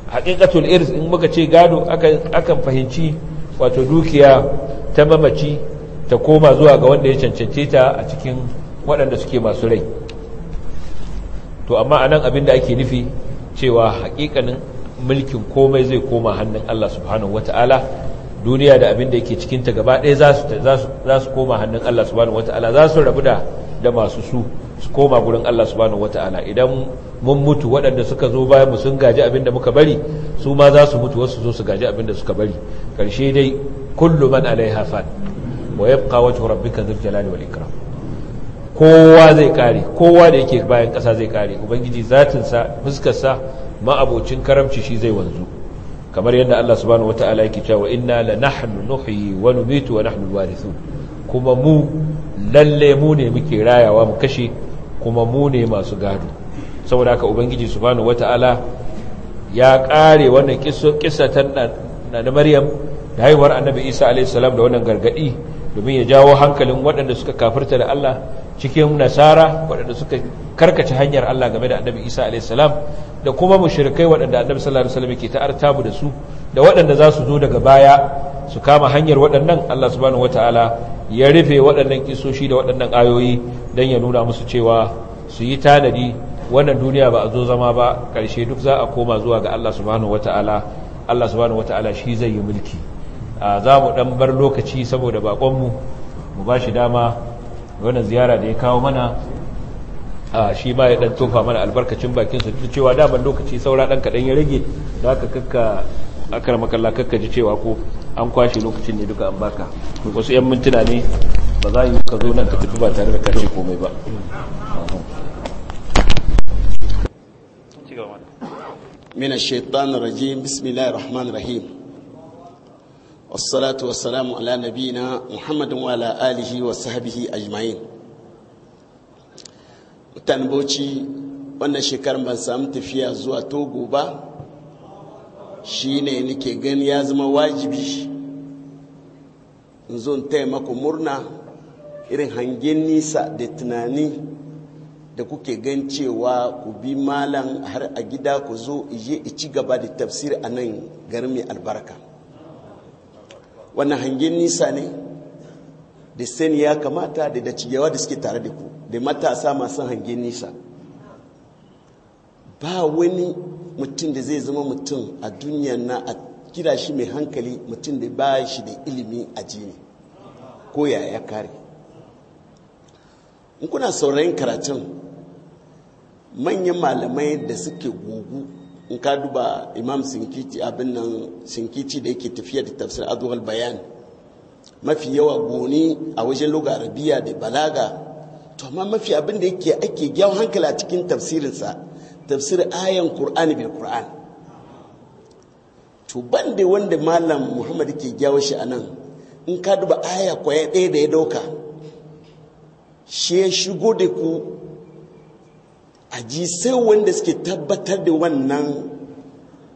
hakikatul irs in muka ce gado akan fahimci wato dukiya ta mamaci ta koma zuwa ga wanda ya cancanci ta a cikin waɗanda suke masu rai to amma anan abin da ake nufi cewa hakikanin mulkin komai zai koma hannun Allah subhanahu wata'ala duniya da abin da yake ta gaba ɗaya za su koma hannun Allah subhanahu wata'ala za su rabu da masu su su koma gurin Allah subhanahu wata'ala idan mun mutu waɗanda suka zo bayan mu sun gaji abin da muka bari su ma za su mutu wasu zo su gaji abin da suka bari karshe dai kullu man alaiha fan wa yabqa wajhu rabbika dhul jalali wal ikram kowa zai kare kowa da yake bayan ƙasa zai kare ubangiji zatin sa fuskar sa ma'abocin karamci shi zai wanzu kamar yadda Allah subhanahu wata'ala yake cewa inna la nahnu nuhyi wa numitu wa nahnu al-warithun kuma mu lalle mu ne muke rayawa mu kashe kuma mu ne masu gado saboda haka ubangiji subhanahu wata'ala ya kare wannan kissa ta na maryam da haihuwar annabi isa alayhi salam da wannan gargadi domin ya jawo hankalin waɗanda suka kafirta da Allah cikin nasara waɗanda suka karkace hanyar Allah game da annabi Isa salam da kuma mushrikai waɗanda annabi sallallahu alaihi wasallam yake ta'artabu da su da waɗanda za su zo daga baya su kama hanyar waɗannan Allah subhanahu wataala ya rufe waɗannan kisoshi da waɗannan ayoyi don ya nuna musu cewa su yi tanadi wannan duniya ba a zo zama ba ƙarshe duk za a koma zuwa ga Allah subhanahu wata'ala Allah subhanahu wata'ala shi zai yi mulki za mu ɗan bar lokaci saboda baƙonmu mu ba shi dama wani ziyara da ya kawo mana shi ma ya ɗan tofa mana albarkacin bakinsa cewa daman lokaci saura ɗan kaɗan ya rage da aka kakka akar makalla kakka ji cewa ko an kwashe lokacin ne duka an baka wasu yan mintuna ne ba za yi ka zo nan tafi ba tare da kace komai ba mina shaitan rajim bismillahir rahmanir rahim wassalatu wassalamu ala nabiyina muhammadin wa ala alihi wa sahbihi ajma'in tanboci wannan shekarar ban samu tafiya zuwa togo ba shi ne nike gani ya zama wajibi in zo taimako murna irin hangen nisa da tunani da kuke gan cewa ku bi malam har a gida ku zo ije ci gaba da tafsir a nan garin mai albarka wannan hangen nisa ne da sani ya kamata da da cigewa da suke tare da ku da matasa masu hangen nisa ba wani mutum da zai zama mutum a duniya na a kira shi mai hankali mutum da ba shi da ilimin aji ne ko ya ya kare in kuna saurayin karatun manyan malamai da suke gugu in ka duba imam sinkici abin nan sinkici da yake tafiya da tafsir azuwal bayan mafi yawa goni a wajen loga arabiya da balaga to amma mafi abin da yake ake gyawon hankali a cikin tafsirinsa tafsir ayan qur'ani bil qur'an to bande wanda malam muhammad ke jawo shi a nan in ka duba aya kwaya ɗaya da ya dauka shi ya shigo da ku a ji sai wanda suke tabbatar da wannan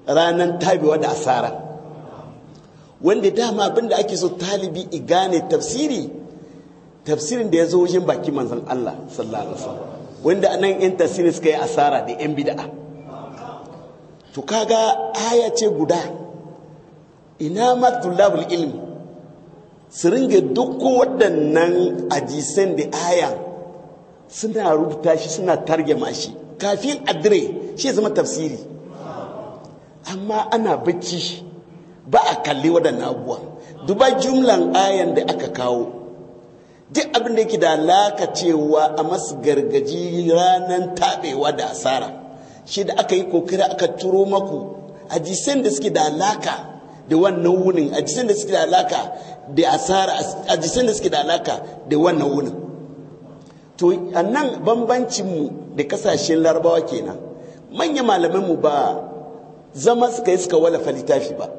ranar tabiwa da asara wanda dama abinda ake so talibi igane tafsiri tafsirin da ya zo wajen baki manzan Allah sallallahu alaihi wasallam wanda anan yan tasiri suka yi asara da yan bid'a to kaga aya ce guda ina ma tulabul ilmi su ringe duk waɗannan ajisan da aya suna rubuta shi suna targe mashi kafin adire shi zama tafsiri amma ana bacci ba a kalli waɗannan abuwa duba jumlan ayan da aka kawo duk abin da yake da alaka cewa a masu gargaji ranar taɓewa da asara shi da aka yi kokari aka turo maku ajisan da suke da alaka da wannan wunin ajisan da suke da alaka da asara ajisan da suke da alaka da wannan wunin to a nan bambancinmu da kasashen larabawa kenan manya mu ba zama suka yi suka walafa littafi ba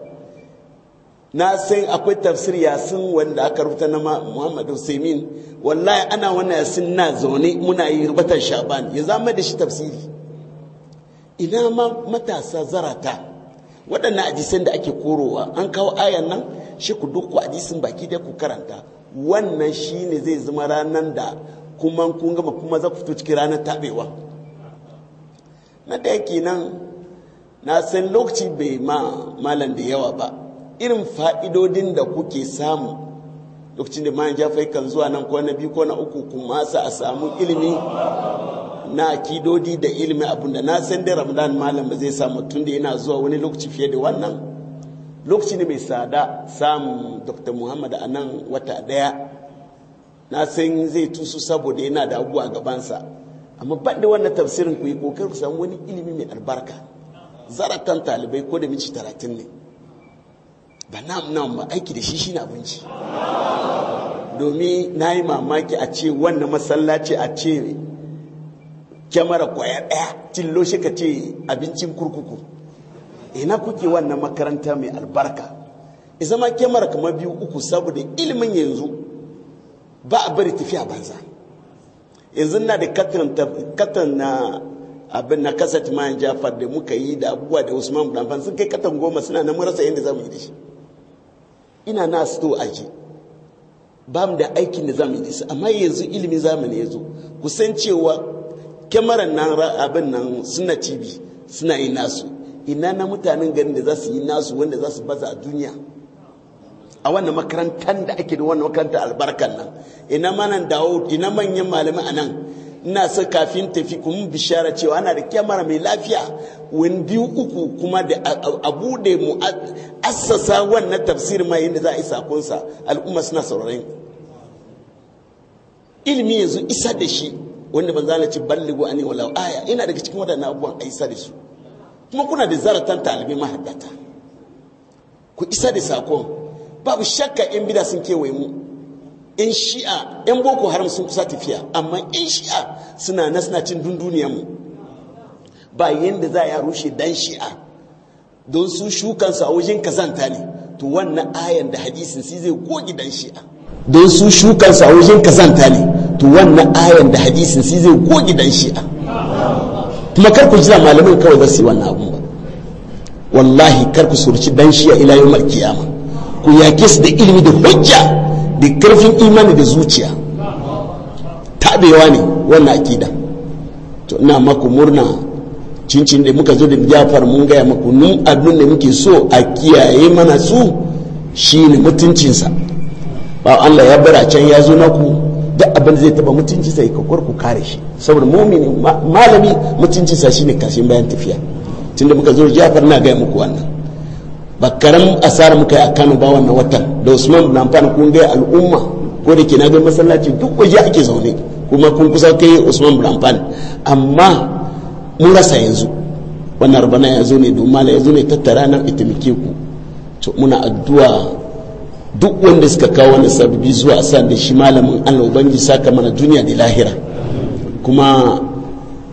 na san akwai tafsir yasin wanda aka rubuta na muhammad usaimin wallahi ana wannan yasin na zaune muna yi rubuta shaban ya zama da shi tafsiri ina ma matasa zarata waɗannan ajisan da ake korowa an kawo ayan nan shi ku duk ajisin baki da ku karanta wannan shi ne zai zama ranar da kuma kun gama kuma za ku fito cikin ranar taɓewa na da yake nan na san lokaci bai ma malam da yawa ba irin fa'idodin da kuke samu lokacin da mayan jafai kan zuwa nan ko na biyu ko na uku kuma masa a samu ilimi na akidodi da ilimi abinda na san da ramadan malam ba zai samu tun da yana zuwa wani lokaci fiye da wannan lokaci ne mai tsada samun dr muhammad a nan wata daya na san zai tusu saboda yana da abuwa gabansa amma ban da wannan tafsirin ku yi kokar ku samu wani ilimi mai albarka zaratan talibai ko da minci talatin ne ba nam nam ba aiki da shi shi na abinci domin na yi mamaki a ce wannan masallaci a ce kyamara kwaya ɗaya tillo shi ka ce abincin kurkuku ina kuke wannan makaranta mai albarka zama kyamara kamar biyu uku saboda ilimin yanzu ba a bari tafiya banza yanzu na da katon na abin na kasar jafar da muka yi da abubuwa da usman bulanfan sun kai katan goma suna na murasa yadda za mu yi da shi ina na sto aji ba mu da aikin da zamu yi amma yanzu ilimin zamani ya zo kusan cewa kyamaran nan abin nan suna tv suna yi nasu ina na mutanen garin da za su yi nasu wanda za su baza a duniya a wannan makarantar da ake da wannan makarantar albarkar nan ina manan dawo ina manyan malamai a nan ina son kafin tafi kuma bishara cewa ana da kyamara mai lafiya wani biyu uku kuma da abu da mu assasa wannan tafsir ma yadda za a yi sakonsa al'umma suna sauraron ilimi yanzu isa da shi wanda ban zana ci a ani wala aya ina daga cikin wadannan abubuwan a isa da su kuma kuna da zaratan talibai mahaddata ku isa da sakon babu shakka yan bida sun kewaye mu in shi'a 'yan boko haram sun kusa tafiya amma in shi'a suna na suna cin dunduniyanmu ba yadda za a rushe dan shi'a don su shukansu a wajen kazanta ne to wannan ayan da hadisin sai zai goge dan shi'a don su shukansu a wajen kazanta ne to wannan ayan da hadisin sai zai goge dan shi'a kuma kar ku jira malamin kawai za su yi wannan abun ba wallahi kar ku surci dan shi'a ila yau kiyama ku yake su da ilimi da hujja da karfin imani da zuciya tabewa ne wannan akida to ina maku murna cincin da muka zo da jafar mun gaya maku nun abin da muke so a kiyaye mana su shi ne mutuncinsa ba Allah ya bara can ya zo naku da abin zai taba mutuncinsa ya kakwar ku kare shi saboda mumini malami mutuncinsa shine kashin bayan tafiya tunda muka zo jafar na gaya muku wannan ba asara muka yi a Kano ba wannan watan da usman lamfan kun ga al'umma ko da ke na ga masallaci duk waje ake zaune kuma kun kusa kai usman lamfan amma mun rasa yanzu wannan rabana ya zo ne domin ya zo ne tattara nan itimike ku to muna addu'a duk wanda suka kawo wani sabbi zuwa a san da shi malamin allah ubangi saka mana duniya da lahira kuma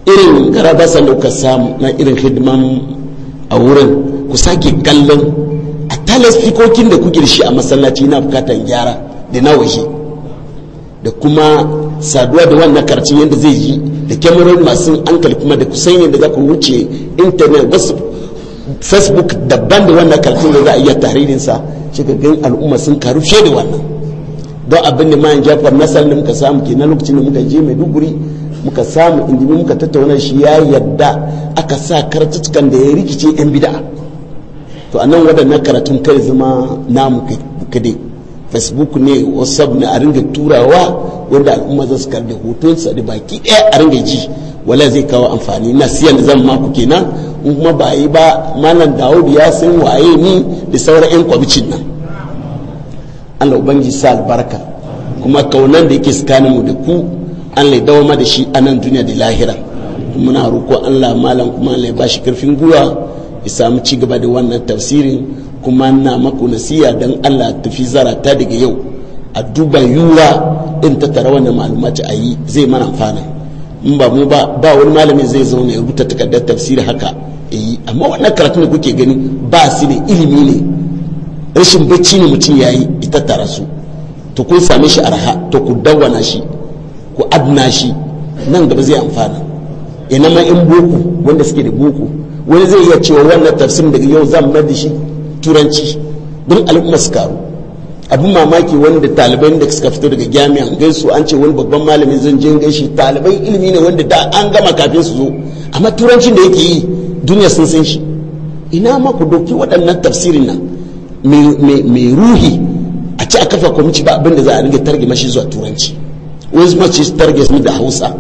irin garabasan da kuka samu na irin hidiman a wurin ku sake kallon a talasfikokin da kuke da shi a masallaci na bukatan gyara da na waje da kuma saduwa da wannan karci yadda zai yi da kyamarar masu ankali kuma da kusan yadda za ku wuce intanet wasu facebook daban da wannan karcin da za a iya tahririnsa shi ga gan al'umma sun karu fiye da wannan don abin da mayan jafar nasar da muka samu ke na lokacin da muka je maiduguri muka samu inda muka tattauna shi ya yadda aka sa kartutukan da ya rikice yan bida'a to anan waɗannan karatun kai zama namu kadai facebook ne whatsapp ne a ringa turawa wanda al'umma za su karbi hotonsa da baki ɗaya a ringa ji wala zai kawo amfani na siyan da zan maku kenan in kuma ba yi ba malam dawud ya san waye ni da sauran yan kwamicin nan allah ubangi sa albarka kuma kaunan da yake tsakanin mu da ku an ya dawama da shi a nan duniya da lahira muna roƙo allah malam kuma allah ya bashi karfin gwiwa samu ci gaba da wannan tafsirin kuma na maku nasiya don allah tafi zarata daga yau a duba yura in ta tara wannan malumaci a yi zai mana amfana in ba mu ba wani malami zai zauna ya rubuta takardar tafsiri haka yi amma wannan karatun da kuke gani ba su ne ilimi ne rashin bacci ne mutum ya yi ita tara su to kun same shi arha to ku dawwana shi ku adna shi nan gaba zai amfana ina ma in boku wanda suke da boku wani zai iya cewa wannan tafsirin daga yau zan mai da shi turanci don al'umma su karu abin mamaki wanda talibai da suka fito daga jami'an gaisu an ce wani babban malami zan je gaishe talibai ilimi ne wanda da an gama kafin su zo amma turancin da yake yi duniya sun san shi ina ma ku doki waɗannan tafsirin nan mai ruhi a ci a kafa kwamiti ba abinda za a riga targe mashi zuwa turanci wani zuma ce targe su da hausa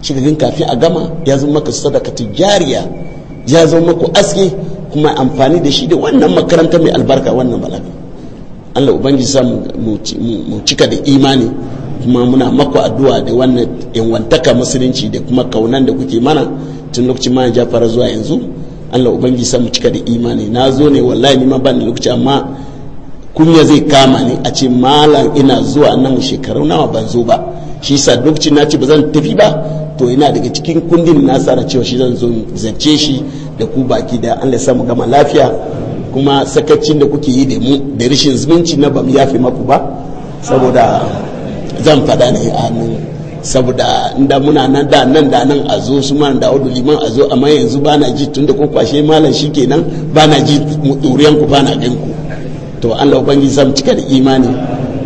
shi kafin a gama ya zama maka sadaka tijariya ya zama maku aski kuma amfani da shi da wannan makaranta mai albarka wannan balaga Allah ubangiji sa mu cika da imani kuma muna maku addu'a da wannan yanwantaka musulunci da kuma kaunan da kuke mana tun lokacin ma ya fara zuwa yanzu Allah ubangiji sa mu cika da imani na zo ne wallahi ni ma ban da lokaci amma kunya zai kama ni a ce malam ina zuwa nan shekaru nawa ban zo ba shi sa lokacin na ce ba zan tafi ba to ina daga cikin kundin na tsara cewa shi zan zo zance shi da ku baki da Allah ya samu gama lafiya kuma sakacin da kuke yi da mu da rishin zumunci na bamu yafe maku ba saboda zan faɗa ne a nan saboda inda muna nan da nan da nan a zo su mana da wadu liman a zo amma yanzu ba na ji tun da ko kwashe malam shi kenan ba na ji ɗoriyan ku ba na gan ku to Allah ubangiji zan cika da imani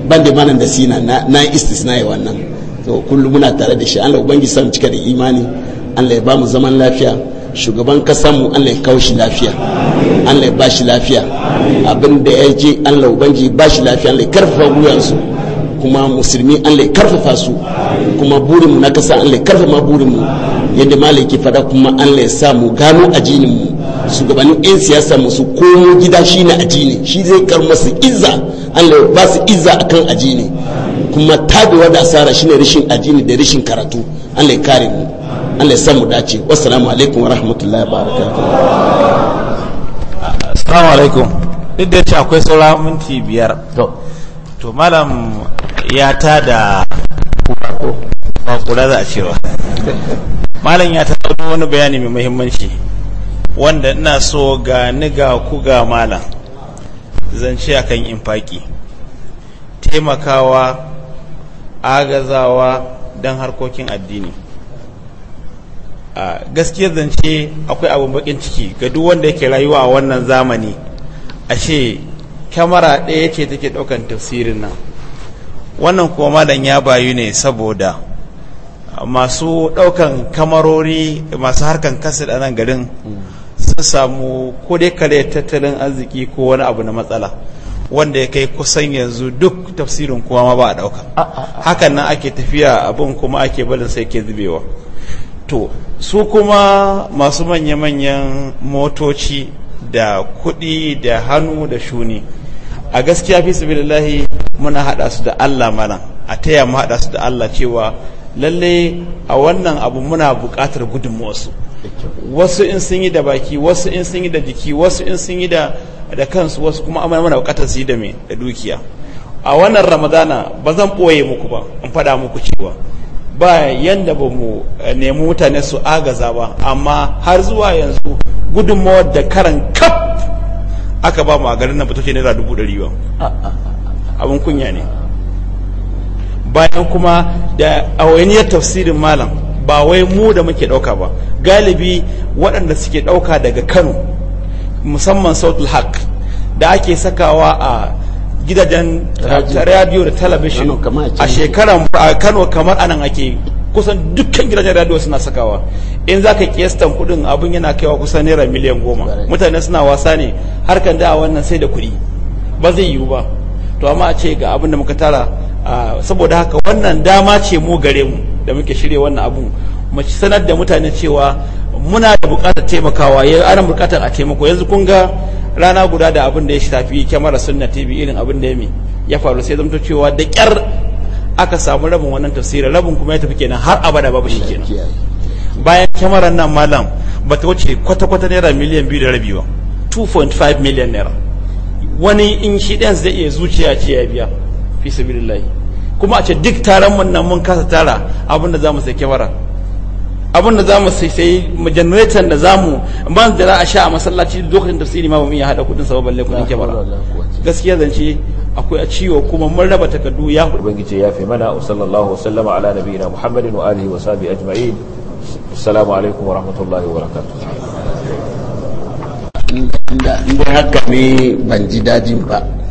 ban da malam da sina na istisna wannan to kullum muna tare da shi Allah ubangi san cika da imani Allah ya ba mu zaman lafiya shugaban kasan mu Allah ya kawo shi lafiya Allah ya ba shi lafiya abin da ya ji Allah ubangi ba shi lafiya Allah ya karfafa su kuma musulmi Allah ya karfafa su kuma burin mu na kasa Allah ya karfafa burin mu yadda malaki fada kuma Allah ya sa mu gano ajinin mu shugabannin 'yan siyasa musu komo gida shine ajini shi zai karmasu izza Allah ya ba su izza akan ajini kuma tabewa da asara shine rashin addini da rashin karatu Allah ya kare mu Allah ya samu dace wassalamu alaikum wa rahmatullahi wa barakatuh assalamu alaikum duk da cewa akwai saura minti biyar to malam ya ta da kura za a cewa malam ya ta da wani bayani mai muhimmanci wanda ina so ga niga ku ga malam zance akan infaki taimakawa agazawa don harkokin addini a gaskiyar zance akwai abin bakin ciki ga duk wanda yake rayuwa a wannan zamani ashe kyamara ɗaya ce take ɗaukan tafsirin nan wannan kuma malam ya bayu ne saboda masu ɗaukan kamarori masu harkan kasa da nan garin sun samu ko dai kare tattalin arziki ko wani abu na matsala wanda ya kai kusan yanzu duk tafsirin kowa ma ba a ɗauka hakan nan ake tafiya abin kuma ake balin sai ke zubewa to su kuma masu manya-manyan motoci da kuɗi da hannu da shuni a gaskiya fi sabilillahi muna haɗa su da Allah mana a taya mu haɗa su da Allah cewa lalle a wannan abu muna buƙatar gudunmuwarsu wasu in sun yi da baki wasu in sun yi da jiki wasu in sun yi da da kansu wasu kuma amma mana bukatar su yi da me da dukiya a wannan ramadana ba zan ɓoye muku ba in faɗa muku cewa ba yanda ba mu eh, nemi mutane su agaza ba amma har zuwa yanzu gudunmawar da karan kaf aka ba mu a garin nan ba take naira dubu ɗari ba abin kunya ne bayan kuma da awainiyar tafsirin malam ba wai mu da muke ɗauka ba galibi waɗanda suke ɗauka daga kano musamman sautul haq da ake sakawa a gidajen radio da talabishin a shekaran a kano kamar anan ake kusan dukkan gidajen radio suna sakawa in za ka kiyastan kudin abin yana kaiwa kusan naira miliyan goma mutane suna wasa ne harkan da wannan sai da kuɗi ba zai yiwu ba to amma a ce ga abin da muka tara saboda haka wannan dama ce mu gare mu da muke shirya wannan abun mu sanar da mutane cewa muna da bukatar taimakawa ya ana bukatar a taimako yanzu kun ga rana guda da abin da ya shafi kyamara sunna tv irin abin da ya ya faru sai zamto cewa da kyar aka samu rabin wannan tafsirin rabin kuma ya tafi kenan har abada babu shi kenan bayan kyamarar nan malam ba ta wuce kwata-kwata naira miliyan biyu da rabi ba 2.5 miliyan naira wani in shi zai iya zuciya ce ya biya fi sabilillahi kuma a ce duk taron mun nan mun kasa tara abin da za mu sai kyamara abin da za mu sai generator da za mu man da za a sha a masallaci lokacin tafsiri ma ba mu iya hada kudin sa balle kudin kyamara gaskiya zance akwai a ciwo kuma mun raba takardu ya ubangiji ya fi mana wa sallallahu wasallama ala nabiyina muhammadin wa alihi wa sahbihi ajma'in assalamu alaikum wa rahmatullahi wa barakatuh haka ban ji dajin ba